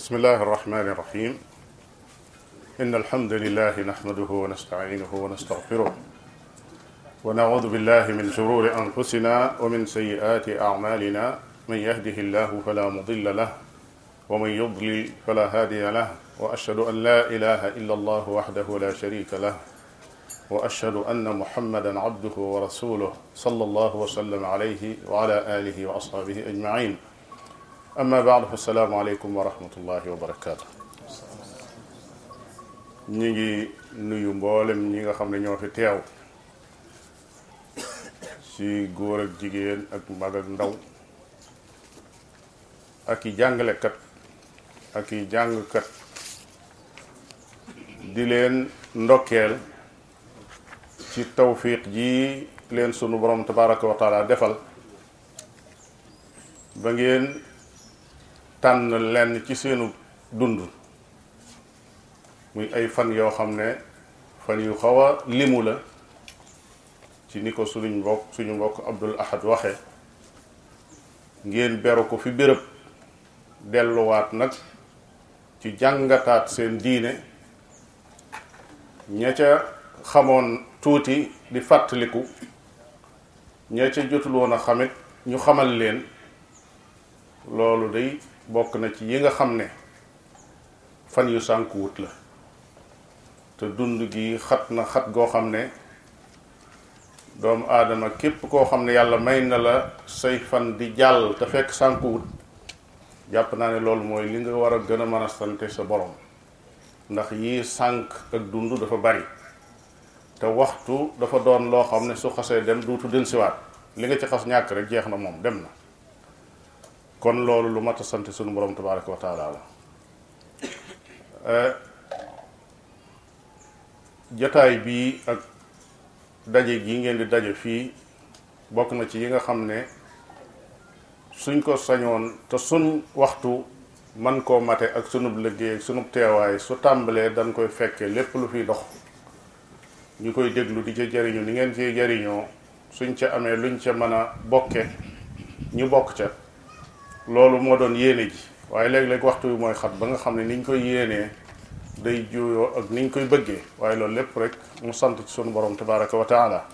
بسم الله الرحمن الرحيم إن الحمد لله نحمده ونستعينه ونستغفره ونعوذ بالله من شرور أنفسنا ومن سيئات أعمالنا من يهده الله فلا مضل له ومن يضلل فلا هادي له وأشهد أن لا إله إلا الله وحده لا شريك له وأشهد أن محمدا عبده ورسوله صلى الله وسلم عليه وعلى آله وأصحابه أجمعين amma baadu fa salaamu aleykum wa rahmatullahi wa barakaatu ñi ngi nuyu mboolem ñi nga xam ne ñoo fi teew ci góor ak jigéen ak mag ak ndaw ak i jàngalekat ak i jàngkat di leen ndokkeel ci tawfiq ji leen sunu borom tabaraka wa taala defal ba ngeen tànn lenn ci seenu dund muy ay fan yoo xam ne fan yu xaw a limu la ci ni ko suñu mbokk suñu mbokk Abdul Ahad waxe ngeen beru ko fi béréb delluwaat nag ci jàngataat seen diine ña ca xamoon tuuti di fàttaliku ña ca jotul a xamit ñu xamal leen loolu day bokk na ci yi nga xam ne fan yu sànkuwut la te dund gi xat na xat goo xam ne doomu aadama képp koo xam ne yàlla may na la say fan di jàll te fekk sànkuwut jàpp naa ne loolu mooy li nga war a gën a mën a sante sa borom ndax yii sànk ak dund dafa bari te waxtu dafa doon loo xam ne su xasee dem duutu dellusiwaat li nga ci xas ñàkk rek jeex na moom dem na kon loolu lu mat sant sunu borom tabaraka wa la eh, jataay bii ak daje gi ngeen di daje fii bokk na ci yi nga xam ne suñ ko sañoon te suñ waxtu man koo mate ak sunub liggéey ak sunub teewaay su tàmbalee dañ koy fekke lépp lu fiy dox ñu koy déglu di ca jariñu ni ngeen ciy jariñoo suñ ca amee luñ ca mën a bokke ñu bokk ca loolu moo doon yéene ji waaye léeg-léeg waxtu wi mooy xat ba nga xam ne ñu koy yéenee day juyoo ak niñ koy bëggee waaye loolu lépp rek mu sant ci sunu borom tabaraka wa taala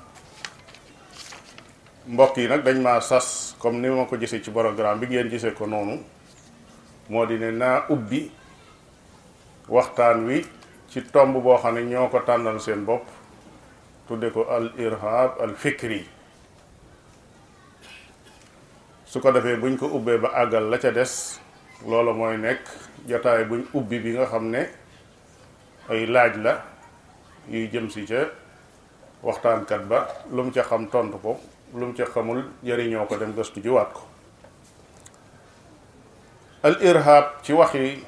mbokk yi nag dañ ma sas comme ni ma ko gisee ci programme bi ngeen gisee ko noonu moo di ne naa ubbi waxtaan wi ci tomb boo xam ne ñoo ko tànnal seen bopp tudde ko al irhab al fikri su ko defee buñ ko ubbee ba àggal la ca des loolu mooy nekk jotaay buñ ubbi bi nga xam ne ay laaj la yuy jëm si ca waxtaankat ba lu mu ca xam tontu ko lu mu ca xamul jëriñoo ko dem gëstu jiwaat ko al irhab ci waxi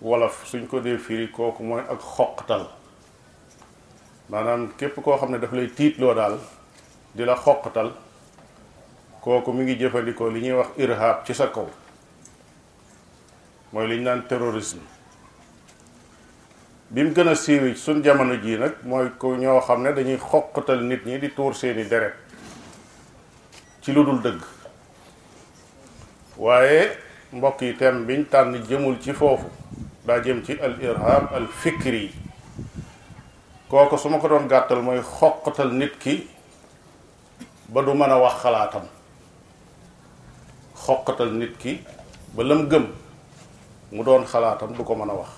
wolof suñ ko dee fii kooku mooy ak xoqtal maanaam képp koo xam ne daf lay tiitloo daal di la xoqtal kooku mi ngi jëfandikoo li ñuy wax irhab ci sa kaw mooy li ñu naan terrorisme bi mu gën a siiwi suñ jamono jii nag mooy ko ñoo xam ne dañuy xoqatal nit ñi di tuur seeni deret ci lu dul dëgg waaye mbokk yi thème biñ tànn jëmul ci foofu daa jëm ci al irhab al fikri yi kooku su ma ko doon gàttal mooy xoqatal nit ki ba du mën a wax xalaatam xoqatal nit ki ba lam gëm mu doon xalaatam du ko mën a wax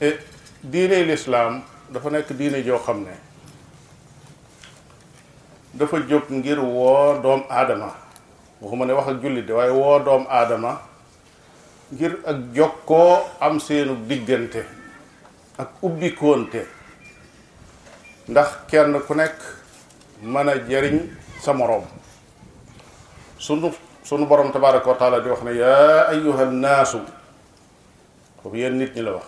et diine lislaam dafa nekk diine joo xam ne dafa jóg ngir woo doom aadama waxuma ne wax ak jullit de waaye woo doom aadama ngir ak jokkoo am seenu diggante ak ubbikoonte ndax kenn ku nekk mën a jariñ sa moroom sunu sunu borom tabaraka wa taala di wax ne yaa ayuha nnaasu foofu yéen nit ñi la wax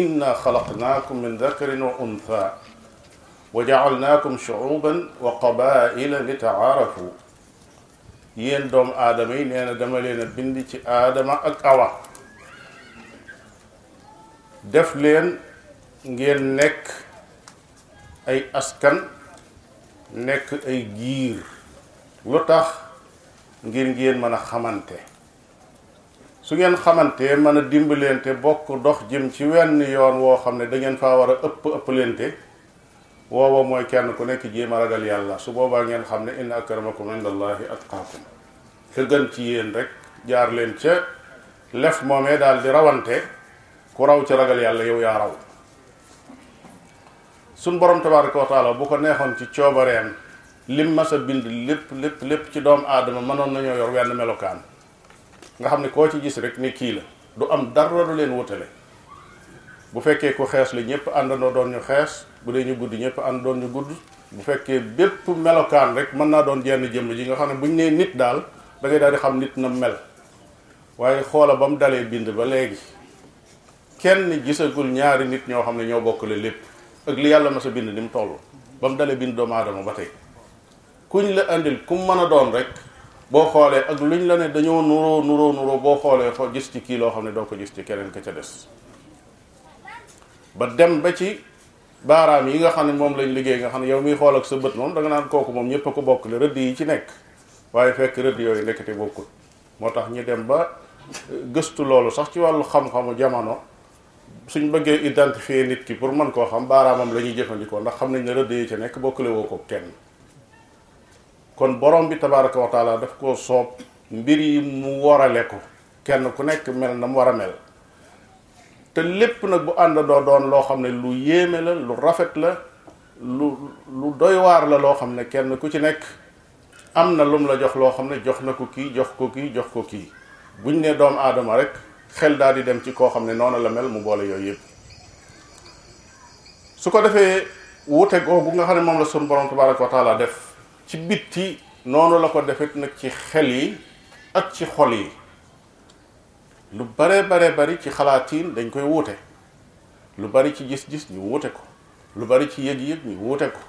inna xalaqnaakum min dakarin wa untha wa jacalnaakum shucuuban wa qabaila li tacaarafu yéen doomu aadama yi nee na dama leen a bind ci aadama ak awa def leen ngeen nekk ay askan nekk ay giir lu tax ngir ngeen mën a xamante su ngeen xamante mën a dimbalante bokk dox jëm ci wenn yoon woo xam ne da ngeen faa war a ëpp ëpplante woowa mooy kenn ku nekk jéem a ragal yàlla su boobaa ngeen xam ne inna akramakum indallahi atqaakum ka gën ci yéen rek jaar leen ca lef moomee daal di rawante ku raw ci ragal yàlla yow yaa raw sun borom tabaraka wa taala bu ko neexoon ci coobareem lim mas a bind lépp lépp lépp ci doomu aadama mënoon nañoo yor wenn melokaan nga xam ne koo ci gis rek ni kii la du am dara du leen wutale bu fekkee ku xees la ñëpp àndandoo doon ñu xees bu dee ñu gudd ñëpp ànd doon ñu gudd bu fekkee bépp melokaan rek mën naa doon jenn jëmm ji nga xam ne bu ñu nee nit daal da ngay daal di xam nit na mel waaye xoola ba mu dalee bind ba léegi kenn gisagul ñaari nit ñoo xam ne ñoo bokkale lépp ak li yàlla masa a bind ni mu toll ba bind doomu aadama ba tey ku ñu la indil ku mën a doon rek boo xoolee ak ñu la ne dañoo nuroo nuroo nuroo boo xoolee foo gis ci kii loo xam ne doo ko gis ci keneen ka ca des ba dem ba ci baaraam yi nga xam ne moom lañ liggéey nga xam ne yow miy xool ak sa bët moom da nga naan kooku moom ñëpp a ko bokk le rëdd yi ci nekk waaye fekk rëdd yooyu nekkati bokkul moo tax ñu dem ba gëstu loolu sax ci wàllu xam-xamu jamono suñ bëggee identifier nit ki pour mën koo xam baaraamam la ñuy jëfandikoo ndax xam nañ rëdd ci nekk bokkule woo ko kenn kon borom bi tabaraka wa daf koo soob mbir yi mu warale ko kenn ku nekk mel na mu war a mel te lépp nag bu ànd doo doon loo xam ne lu yéeme la lu rafet la lu lu doy waar la loo xam ne kenn ku ci nekk am na lum la jox loo xam ne jox na ko kii jox ko kii jox ko kii buñ ne doomu aadama rek xel daal di dem ci koo xam ne noonu la mel mu boole yooyu yëpp su ko defee wuute googu nga xam ne moom la sunu borom tabaraka wa taala def ci bitti noonu la ko defit nag ci xel yi ak ci xol yi lu bare bare bari ci xalaatiin dañ koy wuute lu bari ci gis-gis ñu wuute ko lu bari ci yëg-yëg ñu wuute ko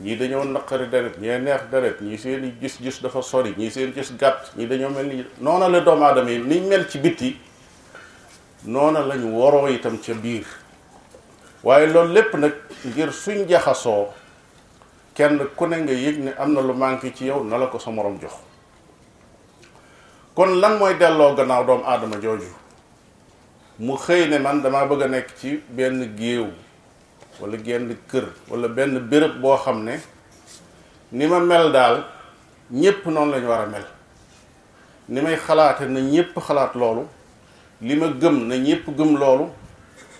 ñii dañoo naqari deret ñee neex deret ñii seen i gis-gis dafa sori ñii seen gis gàtt ñii dañoo mel ni noona la doomu aadama yi niñ mel ci bitti noona lañu waroo itam ca biir waaye loolu lépp nag ngir suñ jaxasoo kenn ku ne nga yëg ne am na lu manqué ci yow na la ko sa moroom jox kon lan mooy delloo gannaaw doomu aadama jooju mu xëy ne man damaa bëgg a nekk ci benn géew walla genn kër wala benn béréb boo xam ne ni ma mel daal ñépp noonu lañu war a mel ni may xalaate na ñépp xalaat loolu li ma gëm na ñépp gëm loolu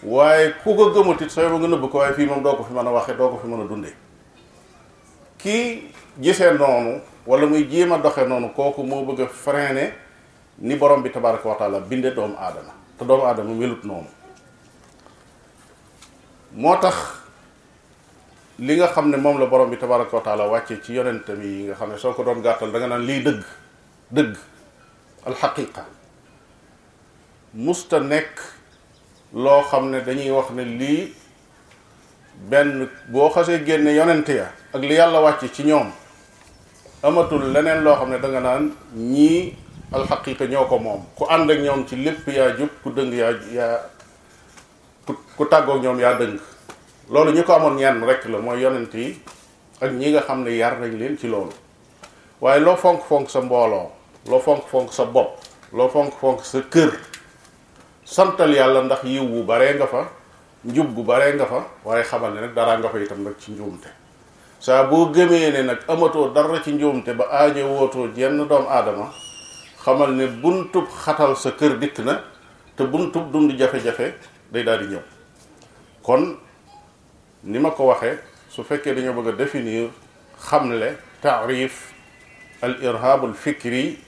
waaye ku ko gëmatit sooy ba nga nëbb ko waaye fii moom doo ko fi mën a waxee doo ko fi mën a dunde kii gisee noonu wala muy jéem a doxe noonu kooku moo bëgg a freiner ni borom bi tabaraka wa taala binde doomu aadama te doomu aadama melut noonu moo tax li nga xam ne moom la borom bi tabaraka wa taala wàccee ci yonentam yi nga xam ne soo ko doon gàttal da nga naan lii dëgg dëgg alxaqiqa musta nekk loo xam ne dañuy wax ne lii benn boo xasee génne yonent ya ak li yàlla wàcc ci ñoom amatul leneen loo xam ne danga naan ñii alxaqiqa ñoo ko moom ku ànd ak ñoom ci lépp yaa jub ku dëng yaa yaa ku tàggoog ñoom yaa dëng loolu ñi ko amoon ñenn rek la mooy yonent yi ak ñi nga xam ne yar nañ leen ci loolu waaye loo fonk-fonk sa mbooloo loo fonk-fonk sa bopp loo fonk-fonk sa kër santal yàlla ndax yiw bu baree nga fa njub bu baree nga fa waaye xamal ne daraa nga fa itam nag ci njuumte saa boo gëmee ne nag amatoo dara ci njuumte ba aajo wooto jenn doom aadama xamal ne buntub xatal sa kër dikk na te buntub dund jafe-jafe day daal di ñëw kon ni ma ko waxee su fekkee dañoo bëgg a définir xamle taarif al irhab al fikri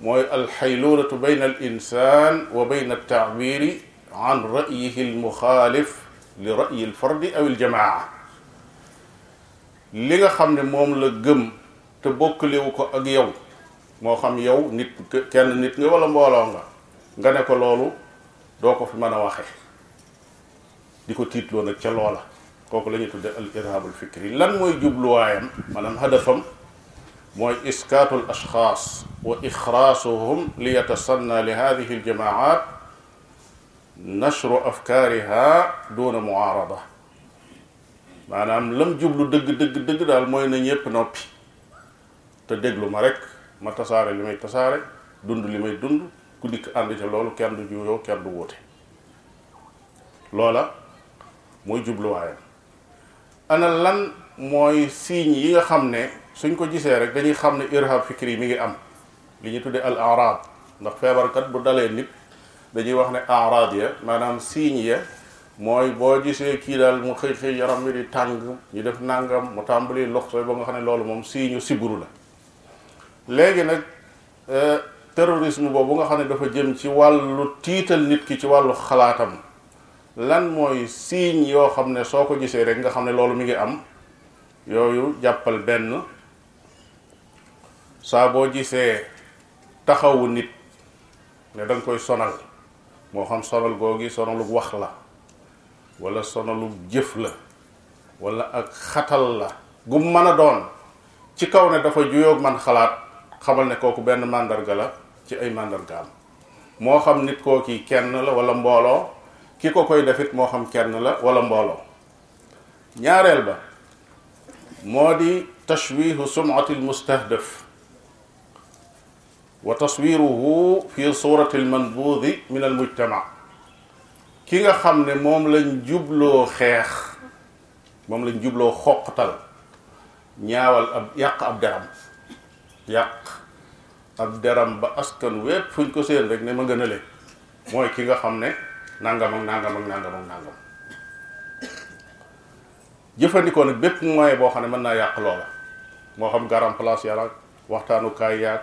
mooy al xaylulatu bayn al insan wa bayn al taabiri an rayihi al muxaalif li rayi al fardi aw al jamaa li nga xam ne moom la gëm te bokkaliwu ko ak yow moo xam yow nit kenn nit nga wala mbooloo nga nga ne ko loolu doo ko fi mën a waxe di ko tiitloo nag ca loola kooku la ñuy tudde al irhabul lan mooy jubluwaayam maanaam hadafam mooy iskaatul ashxaas wa ixraasuhum li yatasanna li hadihi al nashru afkaariha duna muaarada maanaam lam jublu dëgg dëgg dëgg daal mooy na ñëpp noppi te déglu ma rek ma tasaare li may tasaare dund li may dund ku dikk ànd ca loolu kenn du juyoo kenn du wóote loola mooy jubluwaayam ana lan mooy signes yi nga xam ne suñ ko gisee rek dañuy xam ne irhab yi mi ngi am li ñu tuddee al arad ndax feebarkat bu dalee nit dañuy wax ne arad ya maanaam signes ya mooy boo gisee kii daal mu xëy xëy yaram mi di tàng ñu def nàngam mu tàmbali loxo ba nga xam ne loolu moom siiñu siburu la léegi nag euh, terrorisme boobu nga xam ne dafa jëm ci wàllu tiital nit ki ci wàllu xalaatam lan mooy siiñ yoo xam ne soo ko gisee rek nga xam ne loolu mu ngi am yooyu jàppal benn saa boo gisee taxawu nit ne da nga koy sonal moo xam sonal googi sonalu wax la wala sonalub jëf la walla ak xatal la gu mën a doon ci kaw ne dafa juyoog man xalaat xamal ne kooku benn màndarga la ci ay màndargaam moo xam nit kooki kenn la wala mbooloo ki ko koy defit moo xam kenn la wala mbooloo ñaareel ba moo di tashwihu sumati almustahdaf wa taswiruhu fi surati almanbudi min almujtama ki nga xam ne moom lañ jubloo xeex moom lañ jubloo xoqtal ñaawal ab yàq ab deram yàq ab deram ba askan wépp fuñ ko seen rek ne ma gën a leen mooy ki nga xam ne nangam ak nangam ak nangam ak jëfandikoo nag bépp moyen boo xam ne mën naa yàq loola moo xam garam place yàlla waxtaanukaay yaag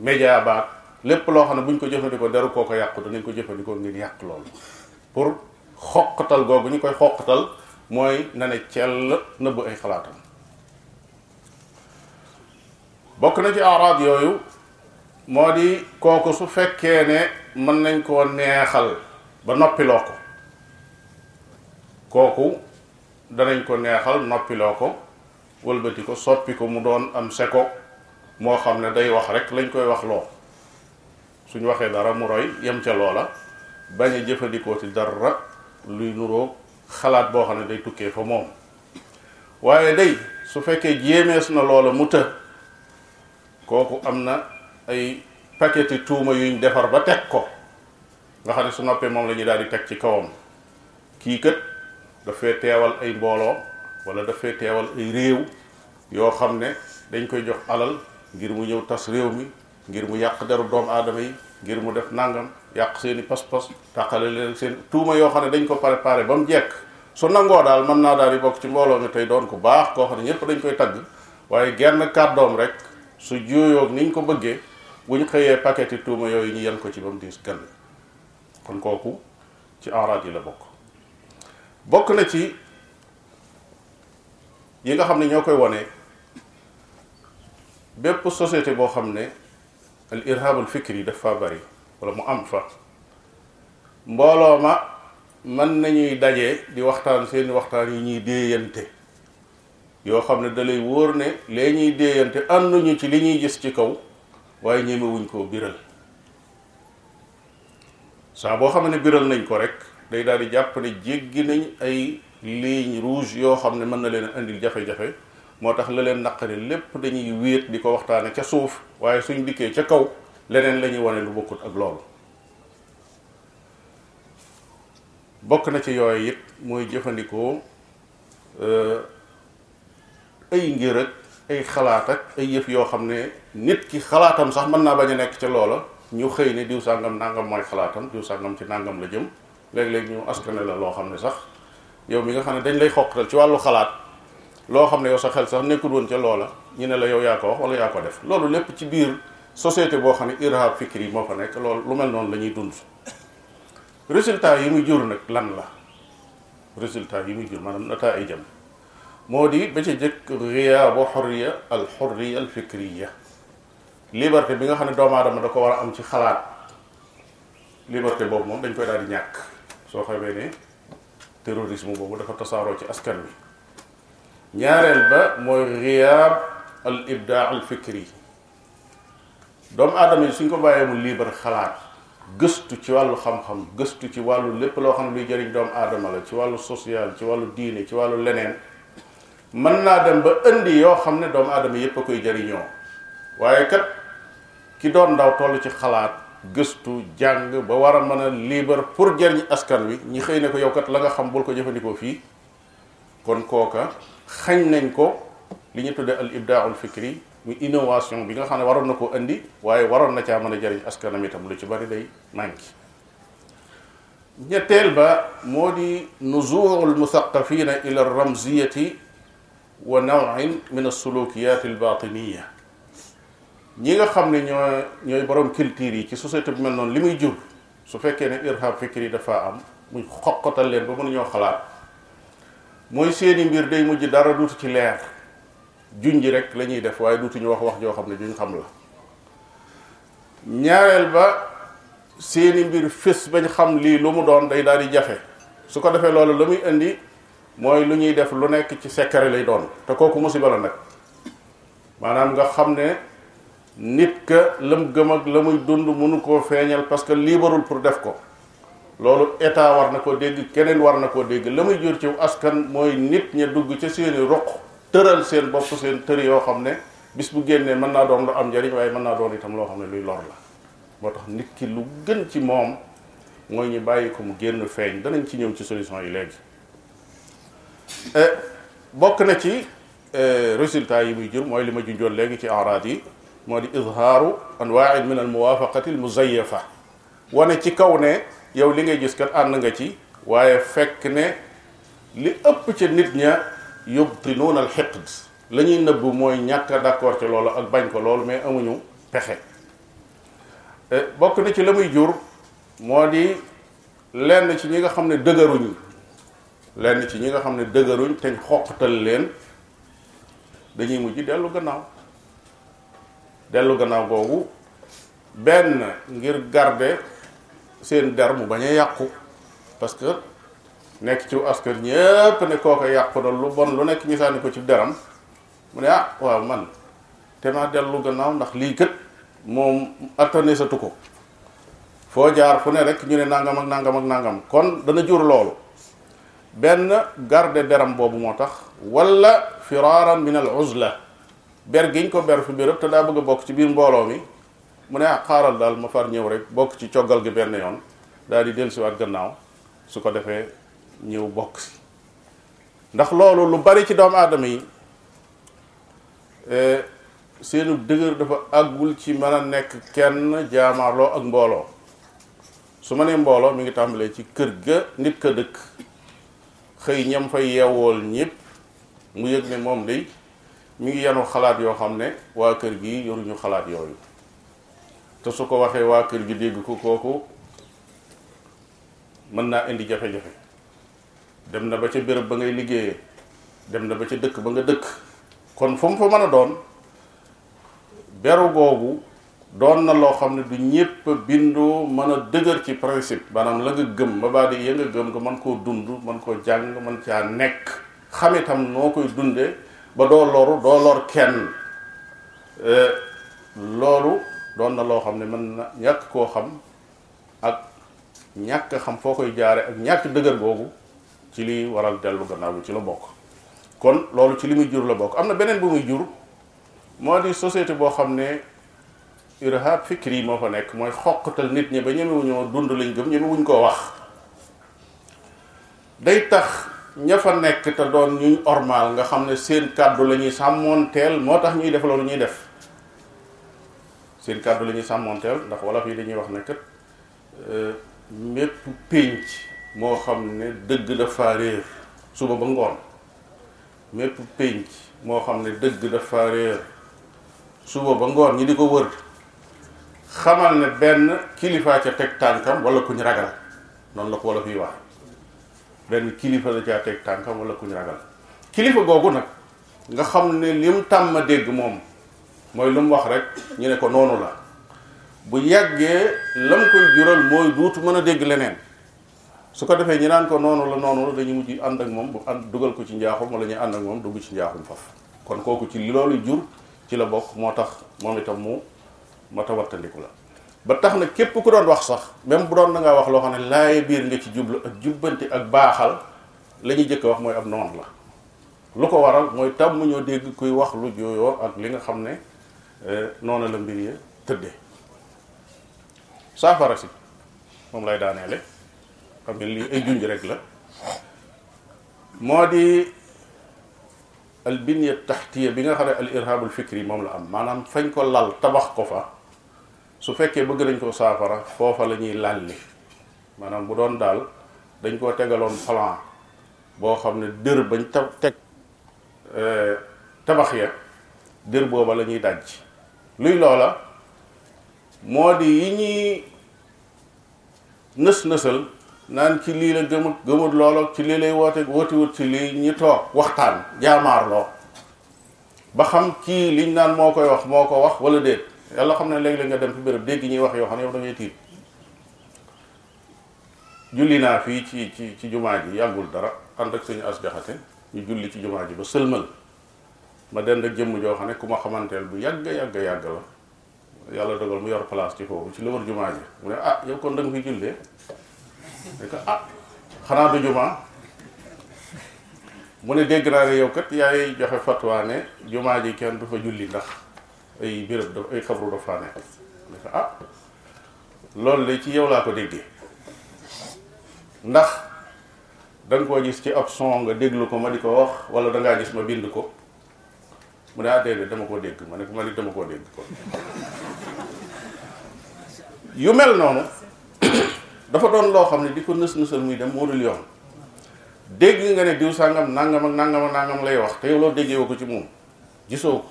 média baag lépp loo xam ne buñ ko jëfandikoo deru koo ko yàqu danañ ko jëfandikoo ngir yàq loolu pour xoqatal googu ñu koy xoqatal mooy na ne cell nëbb ay xalaatam bokk na ci araad yooyu moo di kooku su fekkee ne mën nañ koo neexal ba noppiloo ko kooku danañ ko neexal noppiloo ko wëlbati ko soppi ko mu doon am seko moo xam ne day wax rek lañ koy wax loo suñ waxee dara mu roy yem ca loola bañ a jëfandikoo ci dara luy nuroo xalaat boo xam ne day tukkee fa moom waaye day su fekkee jéemees na loola mu të kooku am na ay paqueti tuuma yuñ defar ba teg ko nga xam ne su noppee moom lañuy ñuy daal di teg ci kawam kii kat dafay teewal ay mbooloo walla dafay teewal ay réew yoo xam ne dañ koy jox alal ngir mu ñëw tas réew mi ngir mu yàq deru doomu aadama yi ngir mu def nangam yàq seeni i pas-pas tàqale leen seen tuuma yoo xam ne dañ ko préparé ba mu jekk su nangoo daal mën naa daal yi bokk ci mbooloo mi tey doon ko baax koo xam ne ñëpp dañ koy tagg waaye genn kàddoom rek su jooyoog niñ ko bëggee bu ñu xëyee paquet yi tuuma yooyu ñu yan ko ci ba mu diis gan kon kooku ci araad yi la bokk bokk na ci yi nga xam ne ñoo koy wane bépp société boo xam ne al irhabul fikri yi daf faa bari wala mu am fa mbooloo ma mën nañuy daje di waxtaan seeni waxtaan yi ñuy déeyante yoo xam ne dalay wóor ne lee ñuy déeyante ànduñu ci li ñuy gis ci kaw waaye ñemewuñ koo biral saa boo xam ne biral nañ ko rek day daal di jàpp ne jéggi nañ ay ligne rouge yoo xam ne mën na leen a indil jafe-jafe moo tax la leen naqari lépp dañuy wéet di ko waxtaane ca suuf waaye suñ dikkee ca kaw leneen lañuy ñuy wane lu bokkut ak loolu bokk na ci yooyu yit mooy jëfandikoo euh, ay ngir ak ay xalaat ak ay yëf yoo xam ne nit ki xalaatam sax mën naa bañ a nekk ca loola ñu xëy ne diw sàngam nangam mooy xalaatam diw sàngam ci nàngam la jëm léeg-léeg ñu askane la loo xam ne sax yow mi nga xam ne dañ lay xoqatal ci wàllu xalaat loo xam ne yow sa xel sax nekkul woon ca loola ñu ne la yow yaa ko wax wala yaa ko def loolu lépp ci biir société boo xam ne irhab fikir yi moo fa nekk loolu lu mel noonu la ñuy dund résultat yi mu jur nag lan la résultat yi muy jur maanaam nataa ay jëm moo di ba ca jëkk ghiyaabu xorriya al xorriya al fikriya liberté bi nga xam ne doomu aadama da ko war a am ci xalaat liberté boobu moom dañ koy daal ñàkk soo xamee ne terrorisme boobu dafa tasaaroo ci askan wi ñaareel ba mooy riyaab al ibdaa al fikri doomu aadama yi suñ ko bàyyee mu libre xalaat gëstu ci wàllu xam-xam gëstu ci wàllu lépp loo xam ne luy jëriñ doomu aadama la ci wàllu social ci wàllu diine ci wàllu leneen mën naa dem ba indi yoo xam ne doomu aadama yépp a koy jariñoo waaye kat ki doon ndaw toll ci xalaat gëstu jàng ba war a mën a libre pour jëriñ askan wi ñi xëy ne ko yow kat la nga xam bul ko jëfandikoo fii kon kooka xañ nañ ko li ñu tuddee al ibdaaul fikri muy innovation bi nga xam ne waroon na koo indi waaye waroon na caa mën a jëriñ askanam itam lu ci bari day manqué ñetteel ba moo di nuzuurul musaqafina ila ramziyati wa nawin min as-sulukiyat al-batiniya ñi nga xam ne ñoo ñooy borom culture yi ci société bi mel noonu li muy jur su fekkee ne irhab fikri dafa am muy xoqatal leen ba mënuñoo xalaat mooy seeni mbir day mujj dara duutu ci leer juñ ji rek lañuy def waaye duutuñu wax wax joo xam ne juñ xam la ñaareel ba seeni mbir fis bañ xam lii lu mu doon day daal di jafe su ko defee loolu la muy indi mooy lu ñuy def lu nekk ci secret lay doon te kooku musiba la nag maanaam nga xam ne nit ka lam gëm la muy dund mënu koo feeñal parce que liibarul pour def ko loolu état war na koo dégg keneen war na koo dégg la muy jur ci askan mooy nit ña dugg ca seeni ruq tëral seen bopp seen tëri yoo xam ne bis bu génnee mën naa doon lu am njariñ waaye mën naa doon itam loo xam ne luy lor la moo tax nit ki lu gën ci moom mooy ñu bàyyi ko mu génn feeñ danañ ci ñëw ci solution yi léegi eh, bokk na ci eh, résultat yi muy jur mooy li ma junjoon léegi ci araad yi moo di izhaaru anwaain min al muwaafaqati al muzayafa wane ci kaw ne yow li ngay gis kat ànd nga ci waaye fekk ne li ëpp ca nit ña yubtinuuna al xiqd la ñuy nëbb mooy ñàkk a d'accord ci loolu ak bañ ko loolu mais amuñu pexe eh, bokk na ci la muy jur moo di lenn ci ñi nga xam ne dëgëruñ lenn ci ñi nga xam ne dëgëruñ te xoqtal leen dañuy mujj dellu gannaaw dellu gannaaw googu benn ngir garder seen der mu bañ a yàqu parce que nekk ci askan ñépp ne kooka yàqu na lu bon lu nekk ñu sànni ko ci deram mu ne ah waaw man te naa dellu gannaaw ndax lii kët moom attane satu ko foo jaar fu ne rekk ñu ne nàngam ak nangam ak nangam kon dana jur loolu benn garde deram boobu moo tax wala firaaran min al uzla ber giñ ko ber fi biir te daa bëgg a bokk ci biir mbooloo mi mu ne ah, xaaral daal ma far ñëw rek bokk ci coggal gi benn yoon daal di dellusiwaat gannaaw su ko defee ñëw bokk si ndax loolu lu bari ci doomu aadama yi e, seenu dëgër dafa àggul ci mën a nekk kenn jaamaarloo ak mbooloo su ma nee mbooloo mi ngi tàmbalee ci kër ga nit ka dëkk xëy ñam fay yeewool ñëpp mu yëg ne moom day mi ngi yanu xalaat yoo xam ne waa kër gi yoruñu xalaat yooyu te su ko waxee waa kër gi dégg ko kooku mën naa indi jafe-jafe dem na ba ca béréb ba ngay liggéeyee dem na ba ca dëkk ba nga dëkk kon fom mu fa mën a doon beru boobu doon na loo xam ne du ñépp bindoo mën a dëgër ci principe maanaam la nga gëm ba baa di ya gëm nga mën koo dund mën koo jàng mën caa nekk xam itam noo koy dunde ba doo loru doo lor kenn eh, loolu doon na loo xam ne mën na ñàkk koo xam ak ñàkk xam foo koy jaare ak ñàkk dëgër boobu ci liy waral dellu gannaaw bi ci la bokk kon loolu ci li muy jur la bokk am na beneen bu muy jur moo di société boo xam ne irhab fikri moo fa nekk mooy xoqatal nit ñi ba ñemewuñoo dund lañ gëm ñemewuñ koo wax day tax ña nekk te doon ñuñ ormal nga xam ne seen kàddu la ñuy teel moo tax ñuy def loolu ñuy def seen kàddu lañuy ñuy sàmmoonteel ndax wolof yi dañuy wax ne kat euh, mépp pénc moo xam ne dëgg dafa réer suba ba ngoon mépp xam ne dëgg dafa suba ba ngoon ñi di ko wër xamal ne benn kilifaa ca teg tànkam wala kuñ ragal noonu la ko wolof yi wax benn kilifa la caa teg tànkam wala kuñ ragal kilifa googu nag nga xam ne lim tàmm dégg moom mooy lu mu wax rek ñu ne ko noonu la bu yàggee lam koy jural mooy duutu mën a dégg leneen su ko defee ñu naan ko noonu la noonu la dañu mujj ànd ak moom bu ànd dugal ko ci njaaxum wala ñu ànd ak moom dugg ci njaaxum faf kon kooku ci loolu jur ci la bokk moo tax moom itam mu mata wattandiku la ba tax na képp ku doon wax sax même bu doon na ngaa wax loo xam ne laaye biir nga ci jublu ak jubbanti ak baaxal la ñuy jëkk wax mooy ab noonu la lu ko waral mooy tàmm dégg kuy wax lu jooyoo ak li nga xam ne Eh, noonu la mbir yi tëdde saafara si moom lay daaneele xam nga lii ay junj rek la moo di al binya taxtiya bi nga xam ne al irhabul fikri moom la am maanaam fañ ko lal tabax ko fa su fekkee bëgg nañ koo saafara foofa la ñuy lalli maanaam bu doon daal dañ koo tegaloon plan boo xam ne dër bañ ta teg eh, tabax ya dër booba la ñuy dajj luy loola moo di yi ñuy nës-nësal naan ci lii la gëmut gëmut loola ci lii lay woote wootiwut ci lii ñi toog waxtaan jaamaarloo ba xam kii liñ naan moo koy wax moo ko wax wala déet yàlla xam ne léeg-léeg nga dem fi béréb dégg ñuy wax yoo xam ne yow da ngay tiit julli naa fii ci ci ci jumaa ji yàggul dara ànd ak suñu as jaxate ñu julli ci jumaa ji ba sëlmal ma dend ak jëmm joo xam ne ku ma xamanteel bu yàgg yàgg yàgg la yàlla dogal mu yor place ci foofu ci lu war jumaa ji mu ne ah yow kon da nga fi jullee ah, mu ne dégg naa yow kat yaay joxe fatwa ji kenn du fa julli ndax ay béréb ay xabru daf ne ah loolu de ci yow laa ko déggee ndax da koo gis ci ab son nga déglu ko ma di ko wax wala dangaa gis ma bind ko mu ne ah dama koo dégg ma ne ko ma li dama koo dégg kon yu mel noonu dafa doon loo xam ne di ko nës nësal muy dem moo dul yoon dégg nga ne diw sàngam nangam ak nangam ak nangam lay wax te yow loo déggee ko ci moom gisoo ko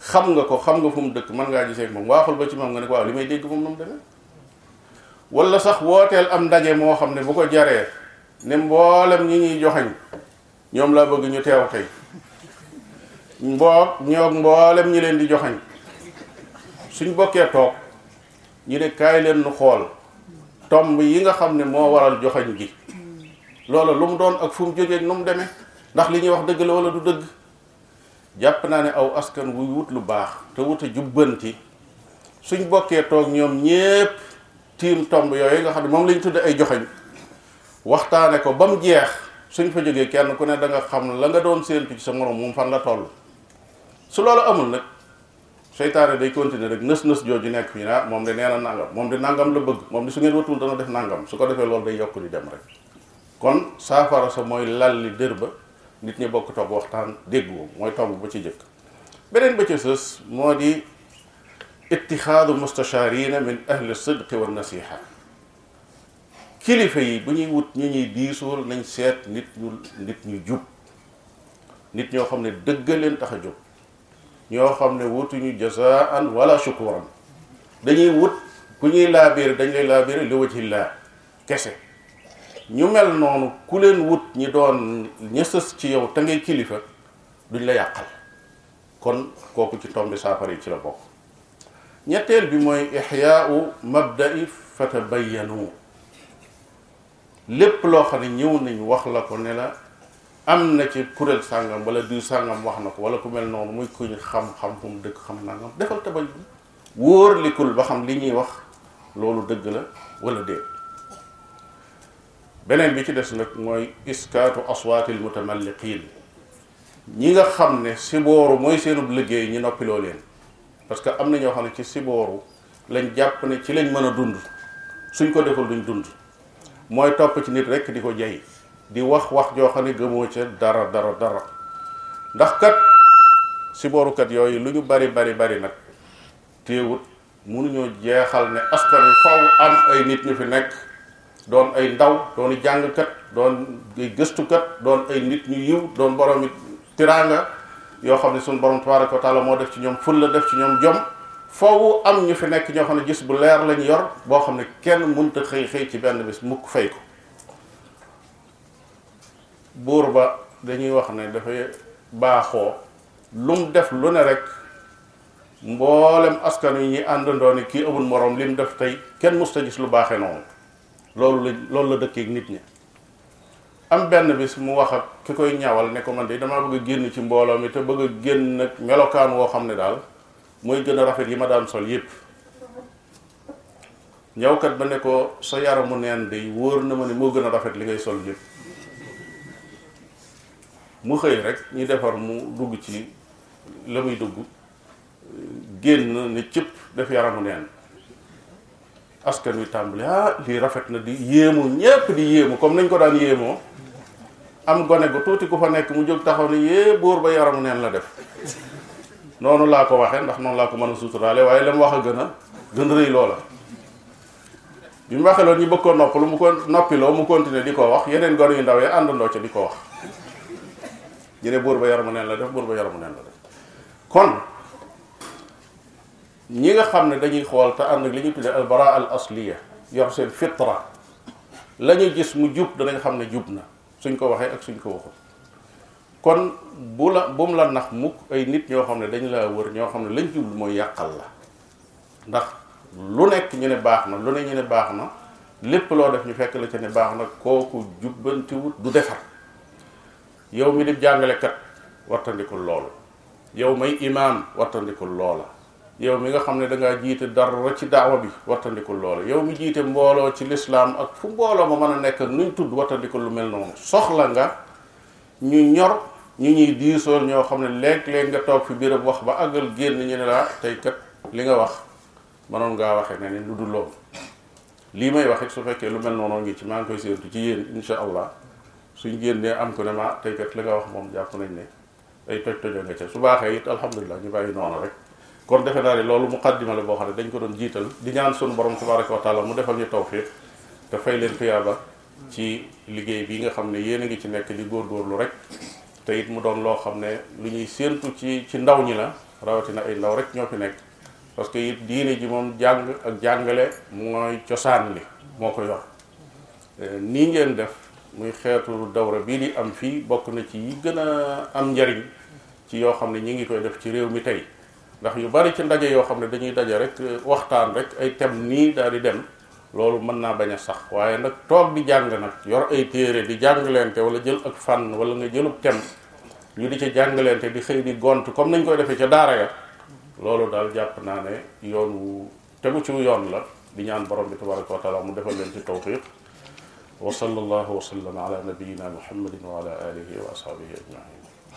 xam nga ko xam nga fu mu dëkk mën ngaa gisee moom waaxul ba ci moom nga ne ko waaw li may dégg moom noonu demee wala sax wooteel am ndaje moo xam ne bu ko jaree ne mboolem ñu ñuy joxañ ñoom laa bëgg ñu teew tey mboo ñoog mboolem ñi leen di joxañ suñ bokkee toog ñu ne kaay leen nu xool tomb yi nga xam ne moo waral joxañ gi loola lu mu doon ak fu mu jógee nu mu demee ndax li ñuy wax dëgg la wala du dëgg jàpp naa ne aw askan wuy wut lu baax te wut a jubbanti suñ bokkee toog ñoom ñépp tiim tomb yooyu nga xam ne moom lañ tudde ay joxañ waxtaane ko ba mu jeex suñ fa jógee kenn ku ne danga nga xam la nga doon séentu ci sa moroom mu fan la toll su loolu amul nag seytaane day continuer rek nës-nës jooju nekk fii ah moom de nee na moom de nangam la bëgg moom de su ngeen watul dana def nangam su ko defee loolu day yokk di dem rek kon saafara sa mooy lalli dër ba nit ñi bokk toog waxtaan déggoo mooy tomb ba ci jëkk beneen ba ci moo di ittixaadu mustacharina min ahli sidqi wa nasiha kilifa yi bu ñuy wut ñu ñuy diisuul nañ seet nit ñu nit ñu jub nit ñoo xam ne dëgg leen tax a jub ñoo xam ne wutuñu jasaan wala shukuran dañuy wut ku ñuy laabiir dañ lay laabiir li wajhillah kese ñu mel noonu ku leen wut ñi doon ñësës ci yow te ngay kilifa duñ la yàqal kon kooku ci tombi saafara yi ci la bokk ñetteel bi mooy ixyaau mabda'i fatabayyanu lépp loo xam ne ñëw nañ wax la ko ne la am na ci kuréel sàngam wala diw sàngam wax na ko wala ku mel noonu muy kuñ xam-xam fu mu dëkk xam nangam defal tabaj bi wóor likul ba xam li ñuy wax loolu dëgg la wala déet beneen bi ci des nag mooy iskaatu aswaatil mutamalliqin ñi nga xam ne sibooru mooy seenub liggéey ñi noppiloo leen parce que am na ñoo xam ne ci sibooru lañ jàpp ne ci lañ mën a dund suñ ko defal duñ dund mooy topp ci nit rek di ko jay di wax wax joo xam ne gëmoo ca dara dara dara ndax kat si boorukat yooyu lu ñu bari bari bari nag téewut mënuñoo jeexal ne askan wi faw am ay nit ñu fi nekk doon ay ndaw doon jàngkat doon ay gëstukat doon ay nit ñu yiw doon borom it tiraanga yoo xam ne suñu borom tabaraka wa taala moo def ci ñoom ful la def ci ñoom jom foowu am ñu fi nekk ñoo xam ne gis bu leer lañu yor boo xam ne kenn mënta xëy xëy ci benn bi mukk fay ko buur ba dañuy wax ne dafay baaxoo lum def lu ne rek mboolem askan wi ñi àndandoo ne kii amul morom lim def tey kenn musta gis lu baaxee noonu loolu la loolu la dëkkee ak nit ñi am benn bi bis mu wax ak ki koy ñawal ne ko man de damaa bëgg a génn ci mbooloo mi te bëgg a génn nag melokaan woo xam ne daal mooy gën a rafet yi ma daan sol yépp ñawkat ba ne ko sa yaramu neen de wóor na ma ne moo gën a rafet li ngay sol yépp mu xëy rek ñu defar mu dugg ci la muy dugg génn ne cëpp def yaramu neen askan wi tàmbali ah lii rafet na di yéemu ñépp di yéemu comme nañ ko daan yéemoo am gone gu tuuti ku fa nekk mu jóg taxaw ne yée buur ba yaramu neen la def noonu laa ko waxe ndax noonu laa ko mën a suturaale waaye la mu wax a gën a gën rëy loola bi mu waxee loolu ñu bëgg ko noppalu mu ko noppiloo mu continuer di ko wax yeneen gone yu ndaw yi àndandoo ca di ko wax ñu ne buur ba yaramu neen la def buur ba yaramu neen la def kon ñi nga xam ne dañuy xool te ànd ak li ñu tuddee al bara al asliya yor seen fitra lañu gis mu jub danañ xam ne jub na suñ ko waxee ak suñ ko waxul kon bu la bu mu la nax mukk ay nit ñoo xam ne dañ la wër ñoo xam ne lañ jublu mooy yàqal la ndax lu nekk ñu ne baax na lu ne ñu ne baax na lépp loo def ñu fekk la ca ne baax na kooku jubbantiwut du defar yow mi di jàngalekat wattandikul loolu yow may imaam wattandikul loola yow mi nga xam ne dangaa ngaa jiite dara ci daawa bi wattandikul loola yow mi jiite mbooloo ci lislaam ak fu mbooloo ma mën a nekk nuñ tudd wattandikul lu mel noonu soxla nga ñu ñor ñu ñuy diisool ñoo xam ne léeg-léeg nga toog fi biirab wax ba àggal génn ñu ne laa tey kat li nga wax mënoon ngaa waxee ne ni lu dul loolu lii may wax it su fekkee lu mel noonu ngi ci maa ngi koy séentu ci suñ génnee am ko ne ma tey kat la nga wax moom jàpp nañ ne ay toj tojo nga ca su baaxee it alhamdulilah ñu bàyyi noonu rek kon defe naa ne loolu muqaddima la boo xam ne dañ ko doon jiital di ñaan sunu borom tabaraka wa taala mu defal ñu tawfiq te fay leen tuyaaba ci liggéey bi nga xam ne yéen a ngi ci nekk di góorgóorlu rek te it mu doon loo xam ne lu ñuy séentu ci ci ndaw ñi la rawatina ay ndaw rek ñoo fi nekk parce que it diine ji moom jàng ak jàngale mooy cosaan li moo ko yor eh, ngeen def muy xeetu dawra bii di am fii bokk na ci yi gën a am njariñ ci yoo xam ne ñu ngi koy def ci réew mi tey ndax yu bari ci ndaje yoo xam ne dañuy daje rek waxtaan rek ay thème nii daal di dem loolu mën naa bañ a sax waaye nag toog di jàng nag yor ay téere di jàngalente wala jël ak fànn wala nga jëlub thème ñu di ca jàngalente di xëy di gont comme nañ koy defee ca daara ya loolu daal jàpp naa ne yoon wu tegu ci yoon la di ñaan borom bi tabaraka wa taala mu defal leen ci tawfiq wa sallallahu wa sallama ala nabiyina muhammadin wa ala alihi wa ashaabihi ajmain